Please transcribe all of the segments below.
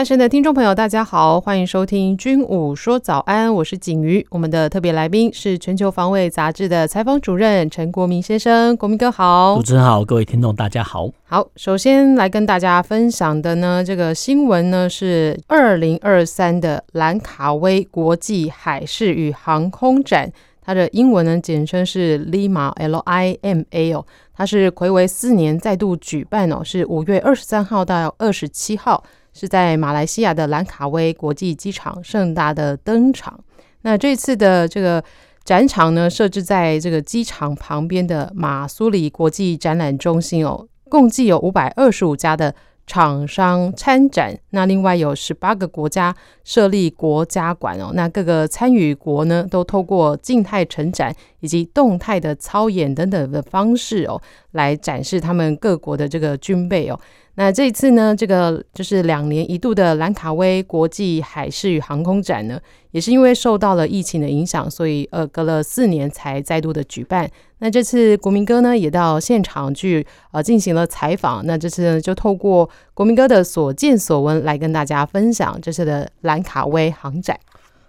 單身的聽眾朋友，大家好，歡迎收聽《軍武說早安》，我是景瑜。我們的特別來賓是《全球防衛雜誌》的採訪主任陳國銘先生。國銘哥好。主持人好，各位聽眾大家好。好，首先來跟大家分享的呢，這個新聞呢是二零二三的蘭卡威國際海事與航空展，它的英文呢簡稱是 LIMA，L I M A 哦，它是睽違四年再度舉辦哦，是五月二十三號到二十七號。是在馬來西亞的蘭卡威國際機場盛大的登場。那這次的這個展場呢，設置在這個機場旁邊的馬蘇里國際展覽中心哦，共計有五百二十五家的廠商參展。那另外有十八個國家設立國家館哦，那各個參與國呢，都透過靜態成展。以及動態的操演等等的方式哦，來展示他們各國的這個軍備哦。那這一次呢，這個就是兩年一度的蘭卡威國際海事與航空展，呢，也是因為受到了疫情的影響，所以呃，隔了四年才再度的舉辦。那這次國銘哥呢，也到現場去呃進行了採訪。那這次呢，就透過國銘哥的所見所聞來跟大家分享這次的蘭卡威航展。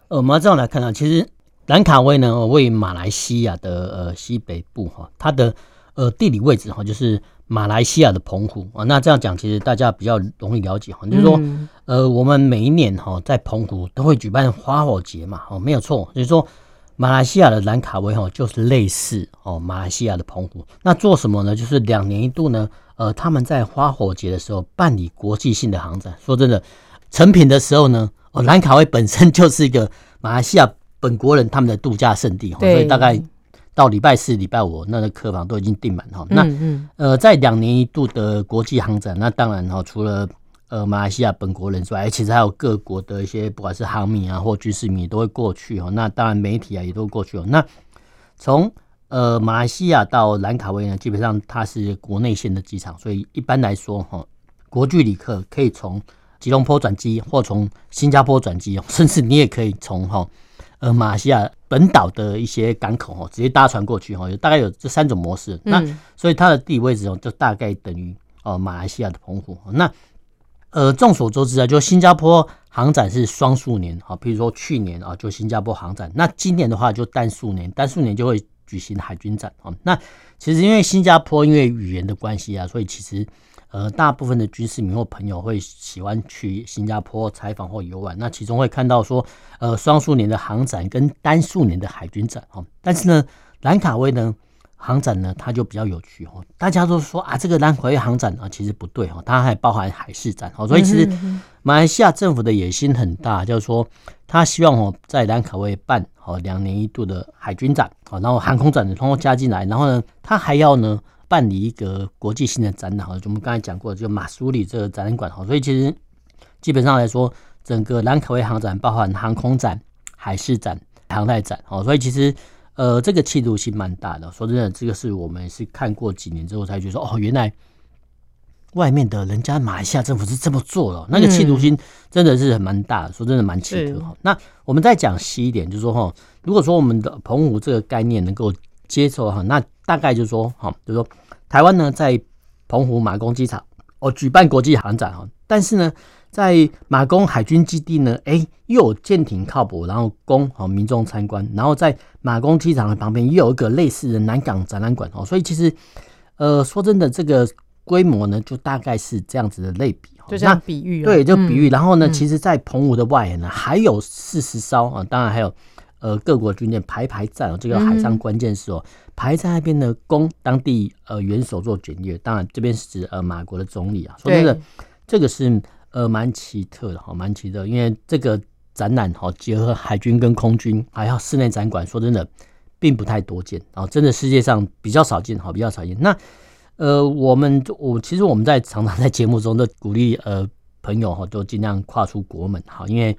呃，我們這樣來看呢，啊，其實。蘭卡威呢，位於馬來西亞的呃西北部哈，它的呃地理位置哈，就是馬來西亞的澎湖啊。那這樣講，其實大家比較容易了解哈，就是說、嗯、呃，我們每一年哈在澎湖都會舉辦花火節嘛，哦，沒有錯，就是說馬來西亞的蘭卡威哈就是類似哦馬來西亞的澎湖。那做什麼呢？就是兩年一度呢，呃，他們在花火節的時候辦理國際性的航展。說真的，成品的時候呢，哦，蘭卡威本身就是一個馬來西亞。本國人他們的度假勝地，對所以大概到禮拜四、禮拜五，那個客房都已經訂滿了、嗯嗯、那呃，在兩年一度的國際航展，那當然哈，除了呃馬來西亞本國人之外，其實還有各國的一些不管是航迷啊或軍事迷都會過去哈、哦。那當然媒體啊也都過去了、哦。那從呃馬來西亞到蘭卡威呢，基本上它是國內線的機場，所以一般來說哈、哦，國際旅客可以從吉隆坡轉機或從新加坡轉機甚至你也可以從哈。哦呃，馬來西亞本島的一些港口哦，直接搭船過去哈，有大概有這三種模式。嗯。那所以它的地理位置就大概等於哦，馬來西亞的澎湖。那呃，眾所周知啊，就新加坡航展是雙數年啊，譬如說去年啊，就新加坡航展。那今年的話就單數年，單數年就會舉行海軍展啊。那其實因為新加坡因為語言的關係啊，所以其實。呃，大部分的軍事迷或朋友會喜歡去新加坡採訪或遊玩，那其中會看到說，呃，雙數年的航展跟單數年的海軍展哦，但是呢，蘭卡威呢，航展呢，它就比較有趣哦。大家都說啊，這個蘭卡威航展啊，其實不對哦，它還包含海事展哦。所以其實馬來西亞政府的野心很大，就是說他希望哦，在蘭卡威辦哦兩年一度的海軍展哦，然後航空展也通通加進來，然後呢，他還要呢。辦理一個國際性的展覽，哈，就我們剛才講過的，就馬蘇里這個展覽館，哈，所以其實基本上來說，整個蘭卡威航展包含航空展、海事展、航太展，哈，所以其實呃，這個企圖心蠻大的。說真的，這個是我們是看過幾年之後才覺得，哦，原來外面的人家馬來西亞政府是這麼做的，那個企圖心真的是蠻大的。的說、嗯、真的，蠻奇特的，蠻氣度。那我們再講細一點，就是說，哈，如果說我們的澎湖這個概念能夠接受，哈，那。大概就是說，哈，就是說台，台灣呢在澎湖馬公機場哦舉辦國際航展啊，但是呢，在馬公海軍基地呢，誒、欸，又有艦艇靠泊，然後供好、哦、民眾參觀，然後在馬公機場的旁邊又有一個類似的南港展覽館哦，所以其實，呃，說真的，這個規模呢就大概是這樣子的類比，就這樣比喻，啊，對，就比喻。嗯、然後呢，嗯、其實，在澎湖的外呢還有四十艘啊，當然還有。呃，各國軍艦排排站、喔、這個海上觀艦式哦、喔，排在那邊的供當地呃元首做檢閱，當然這邊是指呃馬國的總理啊。說真的，這個是呃蠻奇特的哈，蠻奇特，因為這個展覽哈、喔、結合海軍跟空軍，還有室內展館，說真的並不太多見、喔，真的世界上比較少見哈、喔，比較少見。那呃，我們就我其實我們在常常在節目中的鼓勵呃朋友哈，都盡量跨出國門哈，因為。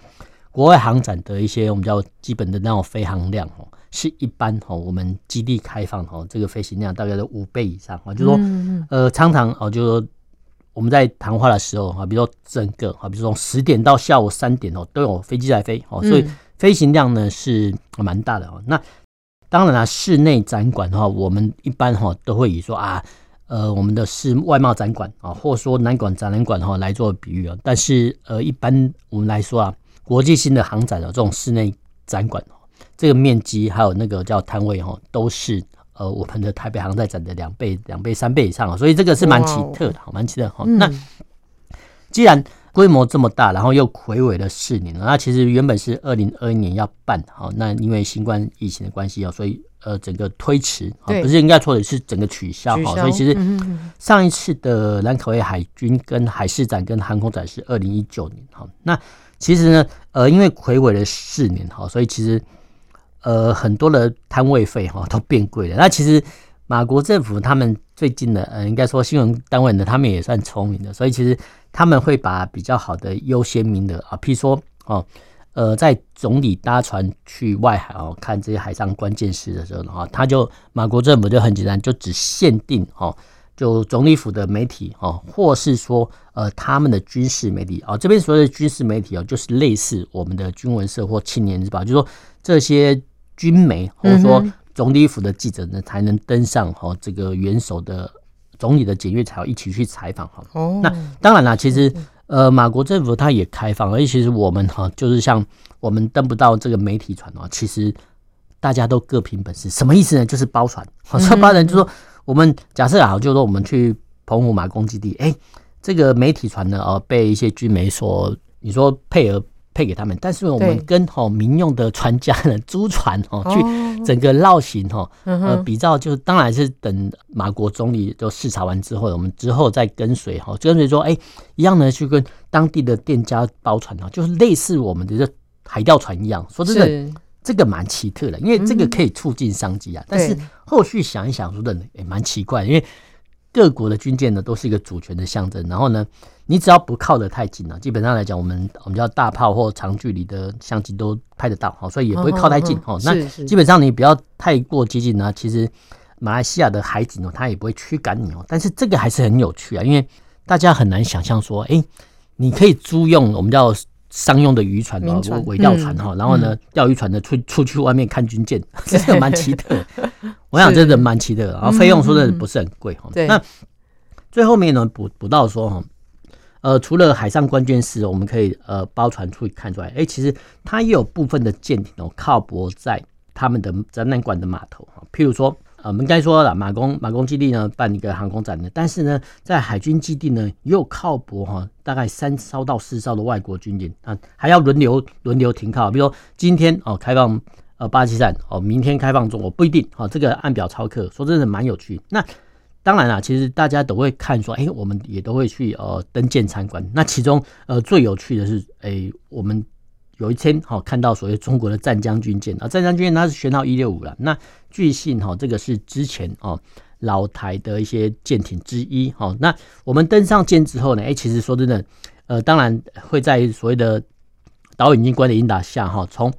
國外航展的一些我們叫基本的那種飛行量哦，是一般哦，我們基地開放哦，這個飛行量大概是五倍以上啊，就是說呃，常常哦，就是說我們在談話的時候啊，比如說整個啊，比如說十點到下午三點哦，都有飛機在飛哦，所以飛行量呢是蠻大的哦。那當然了啊，室內展館的話，我們一般哈都會以說啊，呃，我們的室外貿展館啊，或說南館展覽館哈來做比喻啊。但是呃，一般我們來說啊。國際性的航展的這種室內展館，這個面積還有那個叫，攤位都是呃，我們的台北航太展的兩倍、兩倍、三倍以上，所以這個是蠻奇特的，好，蠻奇特哈。那既然規模這麼大，然後又睽違了四年了，那其實原本是二零二一年要辦好，那因為新冠疫情的關係哦，所以呃，整個推遲，不是應該說的是整個取消哈。所以其實上一次的蘭卡威海軍跟海事展跟航空展是二零一九年哈，那。其實呢，呃，因為睽違了四年哈，所以其實呃很多的攤位費哈都變貴了。那其實馬國政府他們最近呢，呃，應該說新聞單位呢，他們也算聰明的，所以其實他們會把比較好的優先名額啊，譬如說哦，呃，在總理搭船去外海哦看這些海上關艦式的時候呢，哈，他就馬國政府就很簡單，就只限定哦。呃就總理府的媒體哦，或是說呃他們的軍事媒體啊、哦，這邊所謂的軍事媒體、哦、就是類似我們的軍文社或青年日報，就是、說這些軍媒或者說總理府的記者呢，才能登上哈這個元首的總理的檢閱台一起去採訪哈。哦、那當然了，其實呃馬國政府他也開放，而且其實我們哈就是像我們登不到這個媒體船，其實大家都各憑本事，什麼意思呢？就是包船，好說包人就是說。哦我們假設啊，就是說我們去澎湖馬公基地，哎、欸，這個媒體船呢，哦、呃，被一些軍媒說，你說配額配給他們，但是我們跟吼、喔、民用的船家呢租船哦、喔、對去整個繞行、喔、哦，呃，比較就是當然是等馬國總理都視察完之後，我們之後再跟隨哈、喔，跟隨說哎、欸、一樣呢，去跟當地的店家包船啊、喔，就是類似我們的這海釣船一樣，說真的。這個蠻奇特的，因為這個可以促進商機啊。嗯、哼但是後續想一想，說的也對、欸、蠻奇怪，因為各國的軍艦呢都是一個主權的象徵。然後呢，你只要不靠得太近了、啊，基本上來講，我們我們叫大炮或長距離的相機都拍得到，好，所以也不會靠太近哦,哦,哦。哦是是。那基本上你不要太過接近呢，其實馬來西亞的海警呢他也不會驅趕你哦。但是這個還是很有趣啊，因為大家很難想象說，哎、欸，你可以租用我們叫。商用的漁船哦，尾釣船哈，嗯、然後呢，釣魚船呢出出去外面看軍艦，真的蠻奇特。對我想真的蠻奇特的，是然後費用說的不是很貴哈。嗯嗯嗯那對最後面呢，補補到說哈，呃，除了海上觀艦式，我們可以呃包船出去看出來。哎、欸，其實它也有部分的艦艇哦，靠泊在他們的展覽館的碼頭哈，譬如說。啊，我們應該說了，馬公馬公基地呢辦一個航空展的，但是呢，在海軍基地呢也有靠泊哈、哦，大概三艘到四艘的外國軍艦啊，還要輪流輪流停靠。比如說今天哦開放呃巴基斯坦，哦，明天開放中國，不一定哦，這個按表操課。說真的蠻有趣。那當然了，其實大家都會看說，哎、欸，我們也都會去呃登艦參觀。那其中呃最有趣的是，哎、欸，我們。有一天，哈，看到所謂中國的湛江軍艦啊，湛江軍艦它是舷號一六五了。那據信，哈，這個是之前哦老台的一些艦艇之一。哦，那我們登上艦之後呢，哎，其實說真的，呃，當然會在所謂的導引軍官的引導下，哈，從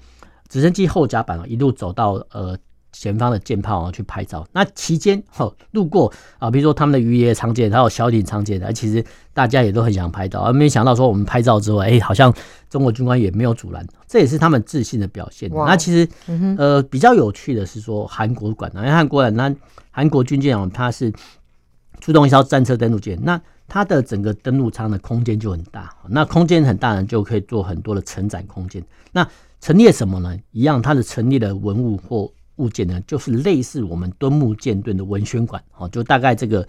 直升機後甲板一路走到呃。前方的艦炮、啊、去拍照。那期間，哈，路過啊，比如說他們的魚雷艙間，還有小艇艙間、啊，其實大家也都很想拍照。而、啊、沒想到說，我們拍照之後，哎、欸，好像中國軍官也沒有阻攔，這也是他們自信的表現。Wow. 那其實，呃，比較有趣的是說，韓國館啊，因為韓國館那韓國軍艦、啊、它是出動一艘戰車登陸艦，那它的整個登陸艙的空間就很大。那空間很大呢，就可以做很多的承載空間。那陳列什麼呢？一樣，它的陳列的文物或。物件呢，就是類似我們敦睦艦隊的文宣館哦，就大概這個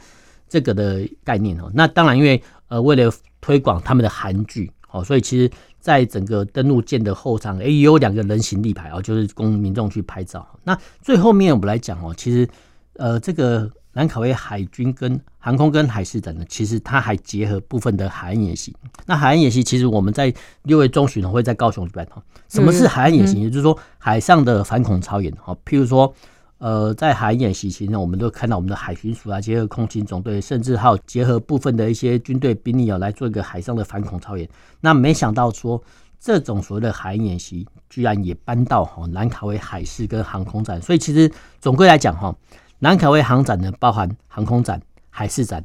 這個的概念哦。那當然，因為呃，為了推廣他們的韓劇哦，所以其實在整個登陸艦的後場，哎、欸，有兩個人形立牌哦，就是供民眾去拍照、哦。那最後面我們來講哦，其實呃，這個。蘭卡威海軍跟航空跟海事等,等其實它還結合部分的海岸演習。那海岸演習其實我們在六月中旬呢會在高雄舉辦。什麼是海岸演習？嗯嗯、也就是說海上的反恐操演。哈，譬如說，呃，在海岸演習期間，我們都看到我們的海巡署啊，結合空勤總隊，甚至還有結合部分的一些軍隊兵力要、啊、來做一個海上的反恐操演。那沒想到說這種所謂的海岸演習居然也搬到哈蘭卡威海事跟航空展。所以其實總歸來講哈。蘭卡威航展呢，包含航空展、海事展、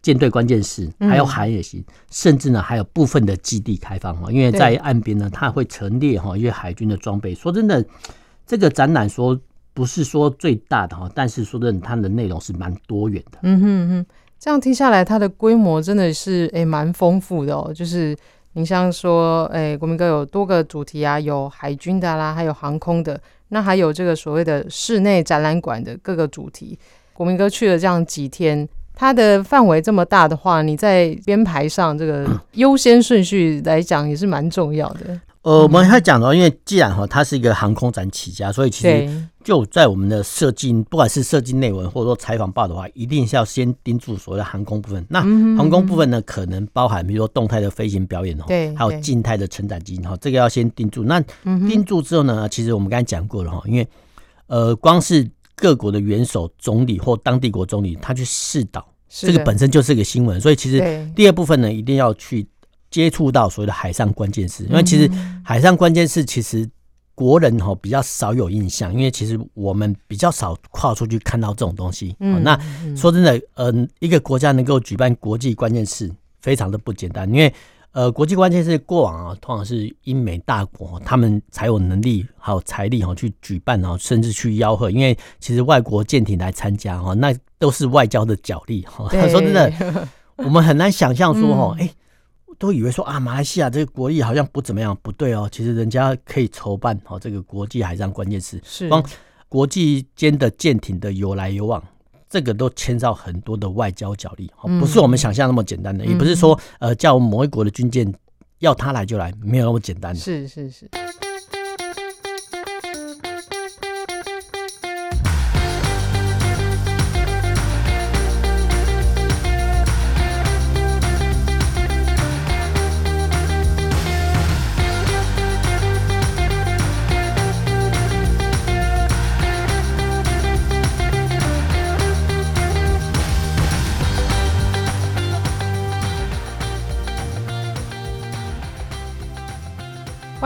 艦隊，關鍵是還有海也行，甚至呢還有部分的基地開放。因為在岸邊呢，對它會陳列哈一些海軍的裝備。說真的，這個展覽說不是說最大的哈，但是說真的，它的內容是蠻多元的。嗯哼嗯哼，這樣聽下來，它的規模真的是哎蠻豐富的哦，就是。你像說，哎、欸，國銘哥有多個主題啊，有海軍的啦，還有航空的，那還有這個所謂的室內展覽館的各個主題。國銘哥去了這樣幾天，它的範圍這麼大的話，你在編排上這個優先順序來講也是蠻重要的。呃，我們還講了，因為既然哈它是一個航空展起家，所以其實就在我們的設計，不管是設計內文或者說採訪報導的話，一定是要先盯住所謂的航空部分。那航空部分呢，可能包含比如說動態的飛行表演哈，還有靜態的參展機哈，這個要先盯住。那盯住之後呢，其實我們剛才講過了哈，因為呃，光是各國的元首、總理或當地國總理他去試導，這個本身就是一個新聞，所以其實第二部分呢，一定要去。接觸到所謂的海上觀艦式，因為其實海上觀艦式其實國人哈、喔、比較少有印象，因為其實我們比較少跨出去看到這種東西、喔。那說真的，嗯，一個國家能夠舉辦國際觀艦式，非常的不簡單。因為呃，國際觀艦式過往啊、喔，通常是英美大國、喔、他們才有能力還有財力哈、喔、去舉辦啊、喔，甚至去吆喝。因為其實外國艦艇來參加哈、喔，那都是外交的角力。哈，說真的，我們很難想象說哈，哎。都以為說啊，馬來西亞這個國力好像不怎麼樣，不對哦。其實人家可以籌辦好、哦、這個國際海上關鍵是光國際間的艦艇的有來有往，這個都牽涉很多的外交角力、哦，不是我們想象那麼簡單的，也不是說呃叫某一國的軍艦要他來就來，沒有那麼簡單。是是是，是。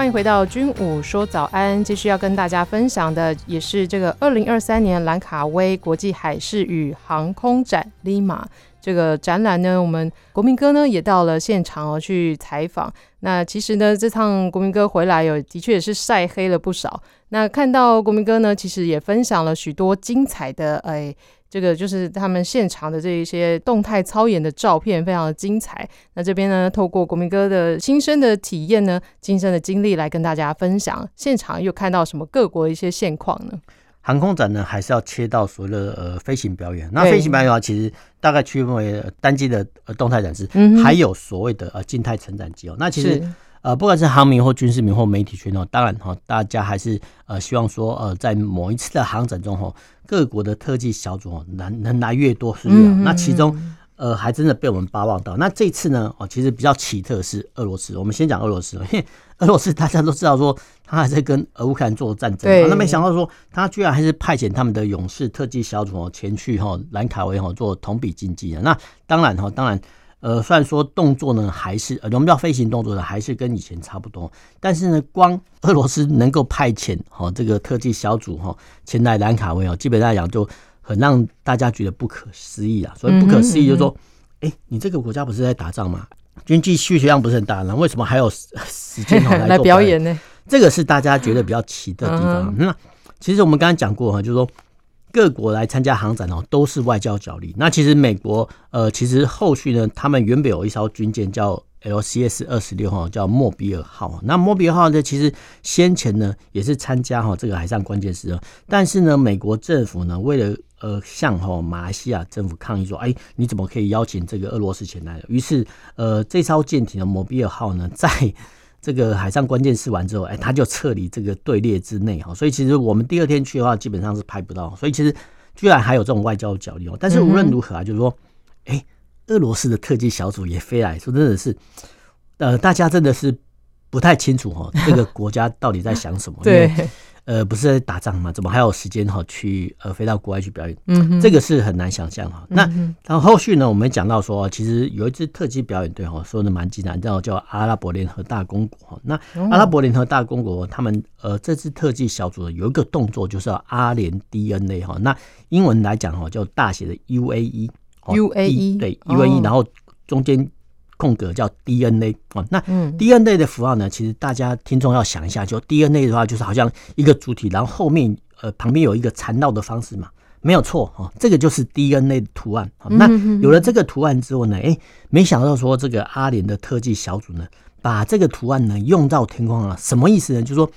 歡迎回到軍武說早安，繼續要跟大家分享的也是這個二零二三年蘭卡威國際海事與航空展 （Lima） 這個展覽呢，我們國銘哥呢也到了現場哦去採訪。那其實呢，這趟國銘哥回來有的確也是曬黑了不少。那看到國銘哥呢，其實也分享了許多精彩的，哎這個就是他們現場的這一些動態操演的照片，非常的精彩。那這邊呢，透過國民哥的親身的體驗呢，親身的經歷來跟大家分享，現場又看到什麼各國一些現況呢？航空展呢，還是要切到所謂的呃飛行表演。那飛行表演的話對其實大概區分為單機的呃動態展示，嗯、哼還有所謂的呃靜態成長機哦。那其實。呃、不管是航迷或軍事迷或媒體圈哦，當然哈，大家還是呃希望說呃，在某一次的航展中哈，各國的特技小組能拿越多是越、嗯嗯嗯、那其中呃，還真的被我們巴望到。那這次呢，其實比較奇特是俄羅斯。我們先講俄羅斯，因為俄羅斯大家都知道說，他還在跟烏克蘭做戰爭，那對沒想到說他居然還是派遣他們的勇士特技小組前去哈蘭卡威哈做同比競技，那當然哈，當然。呃，雖然說動作呢還是呃，我們叫飛行動作呢，還是跟以前差不多，但是呢，光俄羅斯能夠派遣哈這個特技小組哈前來蘭卡威哦，基本上講就很讓大家覺得不可思議啊。所以不可思議就是說，哎、嗯嗯欸，你這個國家不是在打仗嗎？軍機需求量不是很大，那、啊、為什麼還有時間來， 來表演呢、欸？這個是大家覺得比較奇特的地方。那、 嗯哼嗯、其實我們剛剛講過哈，就是說。各國來參加航展呢，都是外交角力。那其實美國，呃，其實後續呢，他們原本有一艘軍艦叫 LCS 二十六號，26，叫莫比爾號。那莫比爾號呢，其實先前呢也是參加哈這個海上關鍵時刻，但是呢，美國政府呢為了呃向哈馬來西亞政府抗議說，哎，你怎麼可以邀請這個俄羅斯前來的？於是，呃，這艘艦艇的莫比爾號呢，在。這個海上關鍵試完之後，哎、欸，他就撤離這個隊列之內哈，所以其實我們第二天去的話，基本上是拍不到。所以其實居然還有這種外交角力哦。但是無論如何啊，就是說，欸、俄羅斯的特技小組也飛來，說真的是，呃，大家真的是不太清楚哈，這個國家到底在想什麼？ 對。呃，不是在打仗嘛？怎麼還有時間哈、哦、去呃飛到國外去表演？嗯哼，這個是很難想象哈、哦。那、嗯、哼然後後續呢？我們講到說，其實有一支特技表演隊哈、哦，說蠻的蠻艱難，叫叫阿拉伯聯合大公國。那阿拉伯聯合大公國，他們呃這支特技小組有一個動作，就是阿聯 DNA 哈、哦。那英文來講哈、哦、叫大寫的 UAE，UAE、哦 E，對 UAE，、哦、然後中間。空格叫 DNA 哦，那 DNA 的符號呢？其實大家聽眾要想一下，就 DNA 的話，就是好像一個主體，然後後面呃旁邊有一個纏繞的方式嘛，沒有錯，喔，這個就是 DNA 的圖案，喔。那有了這個圖案之後呢，哎，欸，沒想到說這個阿聯的特技小組呢，把這個圖案呢用到天空了，什麼意思呢？就是說，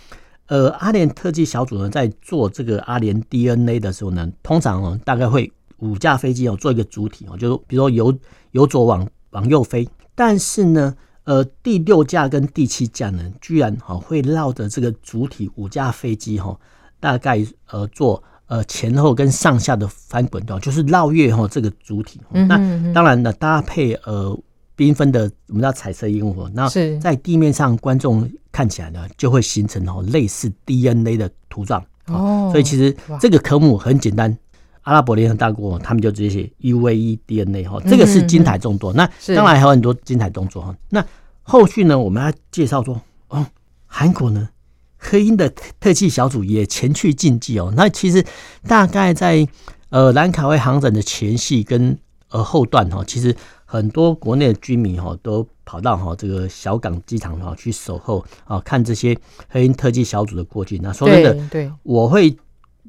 呃，阿聯特技小組呢在做這個阿聯 DNA 的時候呢，通常，喔，大概會五架飛機哦，喔，做一個主體哦，喔，就是比如說由由左往往右飛。但是呢，呃，第六架跟第七架呢，居然哈、哦、會繞着這個主體五架飛機哈、哦，大概呃做呃前後跟上下的翻滾動，就是繞月哈這個主體。嗯哼嗯哼。那當然呢，搭配呃繽紛的我們叫彩色煙火，那在地面上是觀眾看起來呢，就會形成哈類似 DNA 的圖狀。哦。所以其實這個科目很簡單。阿拉伯聯合大公國他們就直接寫 UAE DNA 哈，這個是精彩動作。嗯、那當然還有很多精彩動作哈。是那後續呢，我們要介紹說，哦，韓國呢，黑鷹的特技小組也前去競技哦。那其實大概在呃蘭卡威航展的前夕跟呃後段哈，其實很多國內的軍迷哈都跑到哈這個小港機場哈去守候啊，看這些黑鷹特技小組的過去。那說真的，對，對我會。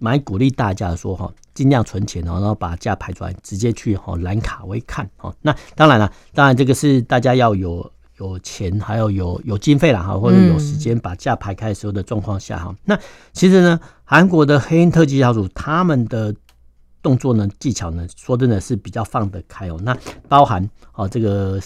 蠻鼓勵大家說哈，盡量存錢，然後把假排出來，直接去哈蘭卡威看哈。那當然了，當然這個是大家要有有錢，還要有有，有經費啦哈，或者有時間把假排開的時候的狀況下哈。嗯、那其實呢，韓國的黑鷹特技小組他們的動作呢、技巧呢，說真的是比較放得開哦、喔。那包含哦，這個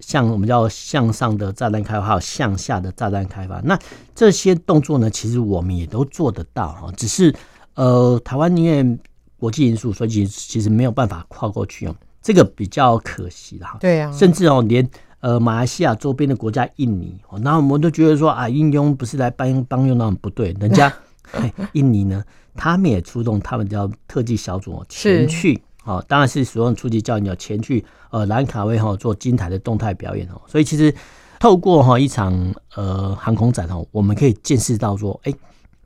像我們叫向上的炸彈開發，還有向下的炸彈開發，那這些動作呢，其實我們也都做得到哈，只是。呃，台灣因為國際因素，所以其實沒有辦法跨過去哦、喔，這個比較可惜啦，對啊，甚至哦、喔，連呃馬來西亞周邊的國家印尼，那、喔、我們都覺得說啊，英傭不是來幫幫傭的，那種不對，人家、 欸、印尼呢，他們也出動他們叫特技小組哦、喔、前去，哦是、喔，當然是使用初級教練、喔、前去呃蘭卡威哦、喔、做精彩的動態表演哦、喔，所以其實透過哈一場呃航空展哦、喔，我們可以見識到說，哎、欸，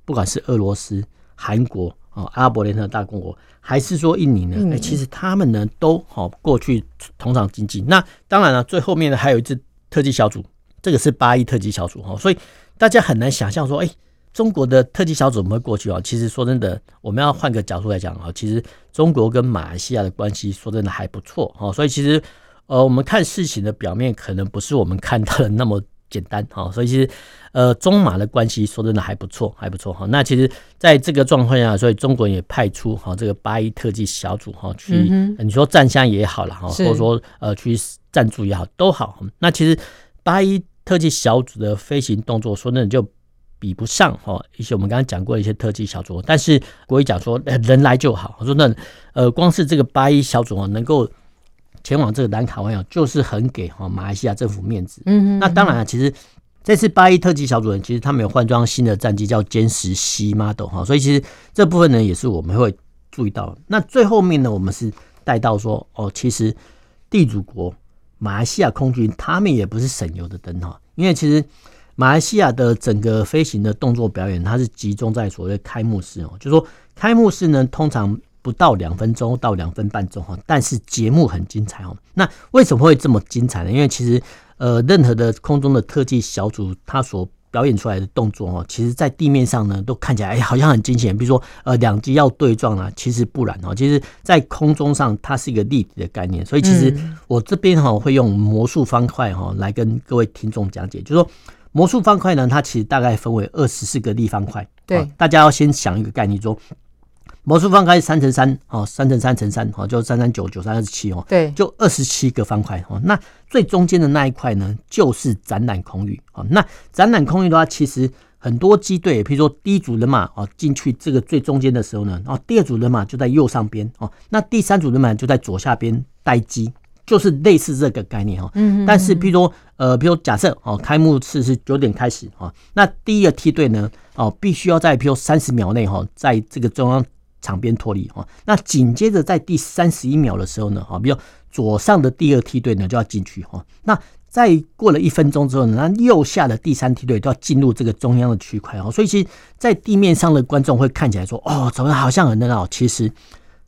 不管是俄羅斯。韓國啊、哦，阿拉伯聯合大公國，還是說印尼呢？哎、嗯欸，其實他們呢都好、哦、過去同場競技。那當然了，最後面呢，還有一支特技小組，這個是八一特技小組哈、哦。所以大家很難想象說，哎、欸，中國的特技小組怎麼會過去啊、哦？其實說真的，我們要換個角度來講啊、哦，其實中國跟馬來西亞的關係說真的還不錯哈、哦。所以其實呃，我們看事情的表面，可能不是我們看到的那麼。簡單好，所以其實，呃，中馬的關係說真的還不錯，還不錯哈。那其實，在這個狀況下，所以中國也派出哈、喔、這個八一、e、特技小組哈、喔、去，嗯、哼你說站相也好了哈，喔、是或者說呃去贊助也好都好。那其實八一、e、特技小組的飛行動作說那就比不上哈、喔、一些我們剛剛講過的一些特技小組，但是國銘講說人來就好。說那呃光是這個八一、e、小組啊、喔、能夠。前往這個蘭卡灣蘭卡威哦，就是很給哈馬來西亞政府面子。嗯哼嗯哼。那當然了、啊，其實這次八一特技小組人，其實他們有換裝新的戰機，叫殲十 C model 哈。所以其實這部分呢，也是我們會注意到的。那最後面呢，我們是帶到說哦，其實地主國馬來西亞空軍他們也不是省油的燈哈，因為其實馬來西亞的整個飛行的動作表演，它是集中在所謂開幕式哦，就是，說開幕式呢，通常。不到兩分鐘到兩分半鐘哈，但是節目很精彩哦。那為什麼會這麼精彩呢？因為其實呃，任何的空中的特技小組，他所表演出來的動作哦，其實在地面上呢都看起來好像很驚險。比如說呃兩機要對撞啊，其實不然啊，其實在空中上它是一個立體的概念。所以其實我這邊哈會用魔術方塊哈來跟各位聽眾講解，就是說魔術方塊呢，它其實大概分為二十四個立方塊。對，大家要先想一個概念說。說魔術方塊三乘三哦，三乘三乘三哦，就是三三九九三二十七哦，對，就二十七個方塊哦。那最中間的那一塊呢，就是展覽空域哦。那展覽空域的話，其實很多機隊，譬如說第一組人馬哦進去這個最中間的時候呢，哦第二組人馬就在右上邊哦，那第三組人馬就在左下邊待機，就是類似這個概念哦。嗯，嗯，嗯。但是，譬如說，呃，譬如說假設哦，開幕式是九點開始啊，那第一個梯隊呢，哦，必須要在譬如三十秒內哈，在這個中央。場邊脫離哈，那緊接着在第三十一秒的時候呢，哈，比如左上的第二梯隊呢就要進去哈，那再過了一分鐘之後呢，那右下的第三梯隊都要進入這個中央的區塊哦。所以其實在地面上的觀眾會看起來說，哦，怎麼好像很熱鬧？其實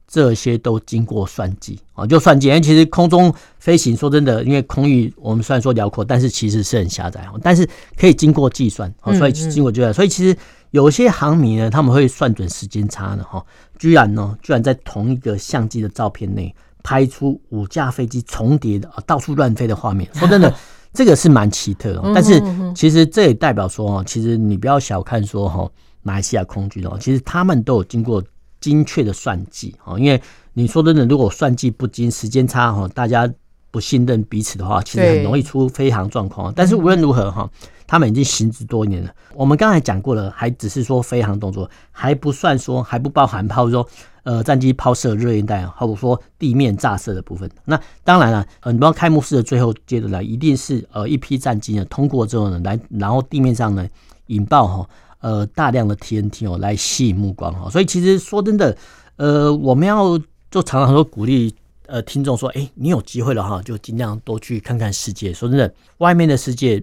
這些都經過算計啊，就算計。因為其實空中飛行，說真的，因為空域我們雖然說遼闊，但是其實是很狹窄哦，但是可以經過計算哦，所以經過計算，嗯嗯所以其實。有些航迷呢，他們會算準時間差的哈，居然呢，居然在同一個相機的照片內拍出五架飛機重疊的，到處亂飛的畫面。說真的，這個是蠻奇特的。但是其實這也代表說哦，其實你不要小看說哈，馬來西亞空軍哦，其實他們都有經過精確的算計哦，因為你說真的，如果算計不精，時間差哈，大家。不信任彼此的話，其實很容易出飛航狀況。對但是無論如何哈，他們已經行之多年了。我們剛才講過了，還只是說飛航動作，還不算說還不包含拋說呃戰機拋射熱焰彈，或者說地面炸射的部分。那當然了啊，呃，很多開幕式的最後接着來，一定是呃一批戰機呢通過之後呢來，然後地面上呢引爆哈呃大量的 TNT 哦來吸引目光哈。所以其實說真的，呃我們要就常常說鼓勵。呃，聽眾說，哎、欸，你有機會了哈，就盡量多去看看世界。說真的，外面的世界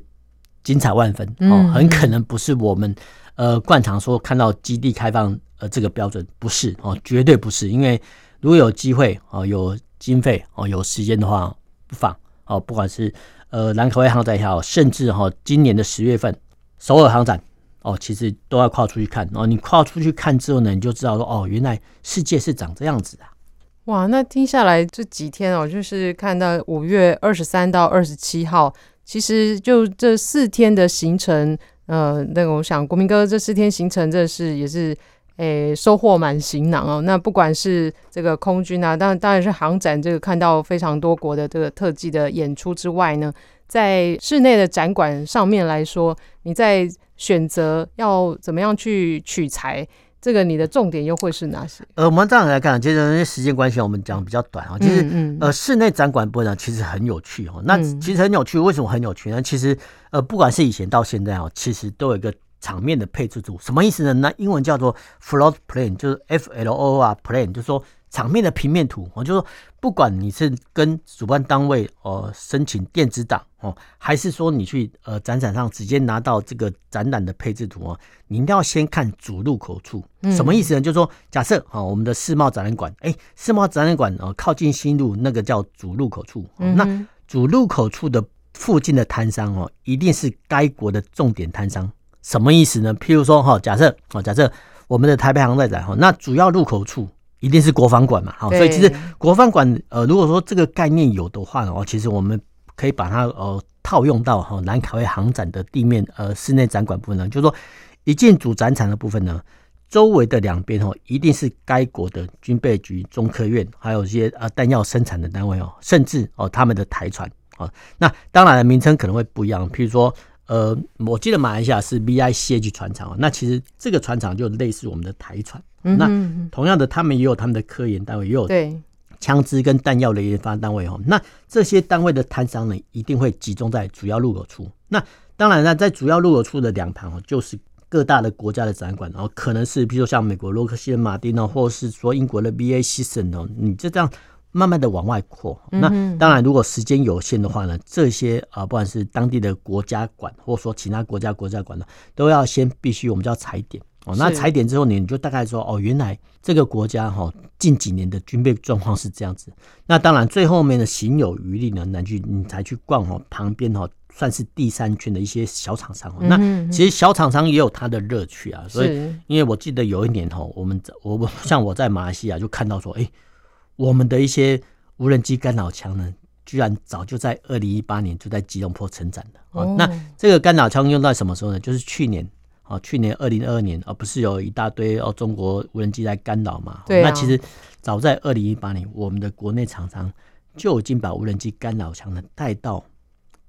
精彩萬分哦，嗯、很可能不是我們呃慣常說看到基地開放呃這個標準，不是哦，絕對不是。因為如果有機會哦，有經費哦，有時間的話，不妨哦，不管是呃蘭卡威航展也好，甚至哈、哦、今年的十月份首爾航展哦，其實都要跨出去看哦。你跨出去看之後呢，你就知道說哦，原來世界是長這樣子啊。哇，那聽下來這幾天哦，就是看到五月二十三到二十七號，其實就這四天的行程，呃，那個我想國銘哥這四天行程，這是也是，誒、欸，收穫滿行囊哦。那不管是這個空軍啊，當當然是航展這個看到非常多國的這個特技的演出之外呢，在室內的展館上面來說，你在選擇要怎麼樣去取材？這個你的重點又會是哪些？呃，我們這樣來看，其實因為時間關係，我們講比較短啊。就是、嗯嗯、呃，室內展館佈展其實很有趣，那其實很有趣，為什麼很有趣呢？其實呃，不管是以前到現在啊，其實都有一個場面的配置組，什麼意思呢？那英文叫做 floor plan，就是 F L O R P L A N，就是說，場面的平面圖，我就說，不管你是跟主辦單位哦、呃、申請電子檔哦，還是說你去呃展場上直接拿到這個展覽的配置圖哦。你一定要先看主入口處。嗯、什麼意思呢？就是說假設哈、哦，我們的世貿展覽館，哎、欸，世貿展覽館哦，靠近新路那個叫主入口處。嗯、哼那主入口處的附近的攤商哦，一定是該國的重點攤商。什麼意思呢？譬如說哈，假設哦，假設我們的台北航展在，那主要入口處。一定是國防館嘛，好對，所以其實國防館，呃，如果說這個概念有的話呢？哦，其實我們可以把它，呃，套用到哈，蘭卡威航展的地面呃室內展館部分呢，就是說一進主展場的部分呢，周圍的兩邊哦，一定是該國的軍備局、中科院，還有一些呃彈藥生產的單位哦，甚至哦、呃、他們的台船，哦、呃，那當然的名稱可能會不一樣，譬如說。呃，我記得馬來西亞是 V I C H 船廠哦，那其實這個船廠就類似我們的台船，那同樣的，他們也有他們的科研單位，也有對槍支跟彈藥的研發單位哦，對那這些單位的攤商呢，一定會集中在主要入口處。那當然呢，在主要入口處的兩旁哦，就是各大的國家的展館，哦，可能是，比如說像美國洛克希德馬丁哦，或是說英國的 B A E System 哦，你這張。慢慢的往外擴，那當然，如果時間有限的話呢，嗯、哼這些啊、呃，不管是當地的國家館，或者說其他國家國家館呢，都要先必須我們叫踩點哦、喔。那踩點之後，你就大概說哦、喔，原來這個國家哈、喔、近幾年的軍備狀況是這樣子。那當然，最後面的行有餘力呢，難去你才去逛哦、喔，旁邊哦、喔，算是第三圈的一些小廠商。嗯、哼那其實小廠商也有它的樂趣啊。所以，因為我記得有一年哦、喔，我們我，我像我在馬來西亞就看到說，哎、欸。我們的一些無人機干擾槍呢，居然早就在二零一八年就在吉隆坡成長的、嗯、那這個干擾槍用在什麼時候呢？就是去年啊，去年二零二二年啊，不是有一大堆哦中國無人機在干擾嘛？啊、那其實早在二零一八年，我們的國內廠商就已經把無人機干擾槍呢帶到。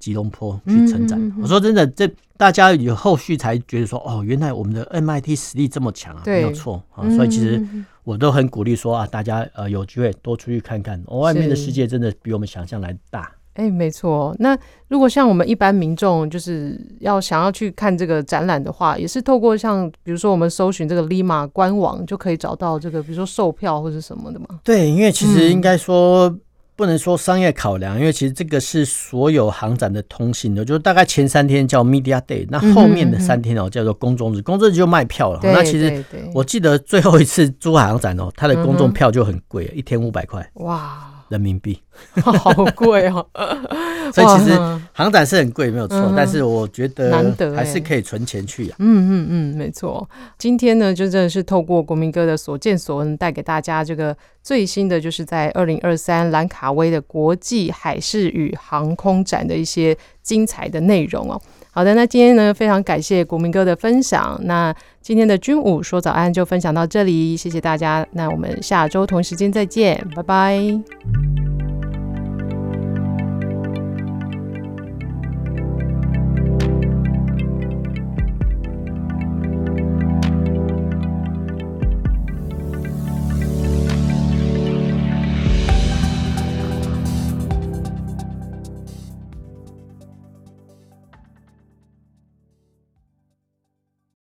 吉隆坡去參展，我說真的，這大家有後續才覺得說，哦，原來我們的 MIT 實力這麼強啊，對 沒有錯啊，所以其實我都很鼓勵說啊，大家呃有機會多出去看看，外面的世界真的比我們想象來大。哎、欸，沒錯。那如果像我們一般民眾就是要想要去看這個展覽的話，也是透過像比如說我們搜尋這個 Lima 官網就可以找到這個，比如說售票或者什麼的嗎？對，因為其實應該說。嗯不能說商業考量，因為其實這個是所有航展的通性的。就是大概前三天叫 media day，那後面的三天哦、喔嗯嗯、叫做公眾日，公眾日就賣票了。對對對，那其實我記得最後一次珠海航展哦、喔，它的公眾票就很貴，嗯、哼一天五百塊。哇！人民幣 好貴哦、啊， 所以其實航展是很貴，沒有錯。哇但是我覺得難得還是可以存錢去啊。嗯嗯嗯，沒錯。今天呢，就真的是透過國銘哥的所見所聞，帶給大家這個最新的，就是在二零二三蘭卡威的國際海事與航空展的一些精彩的內容哦、喔。好的，那今天呢，非常感謝國民哥的分享。那今天的軍武說早安就分享到這裡，謝謝大家。那我們下周同時間再見，拜拜。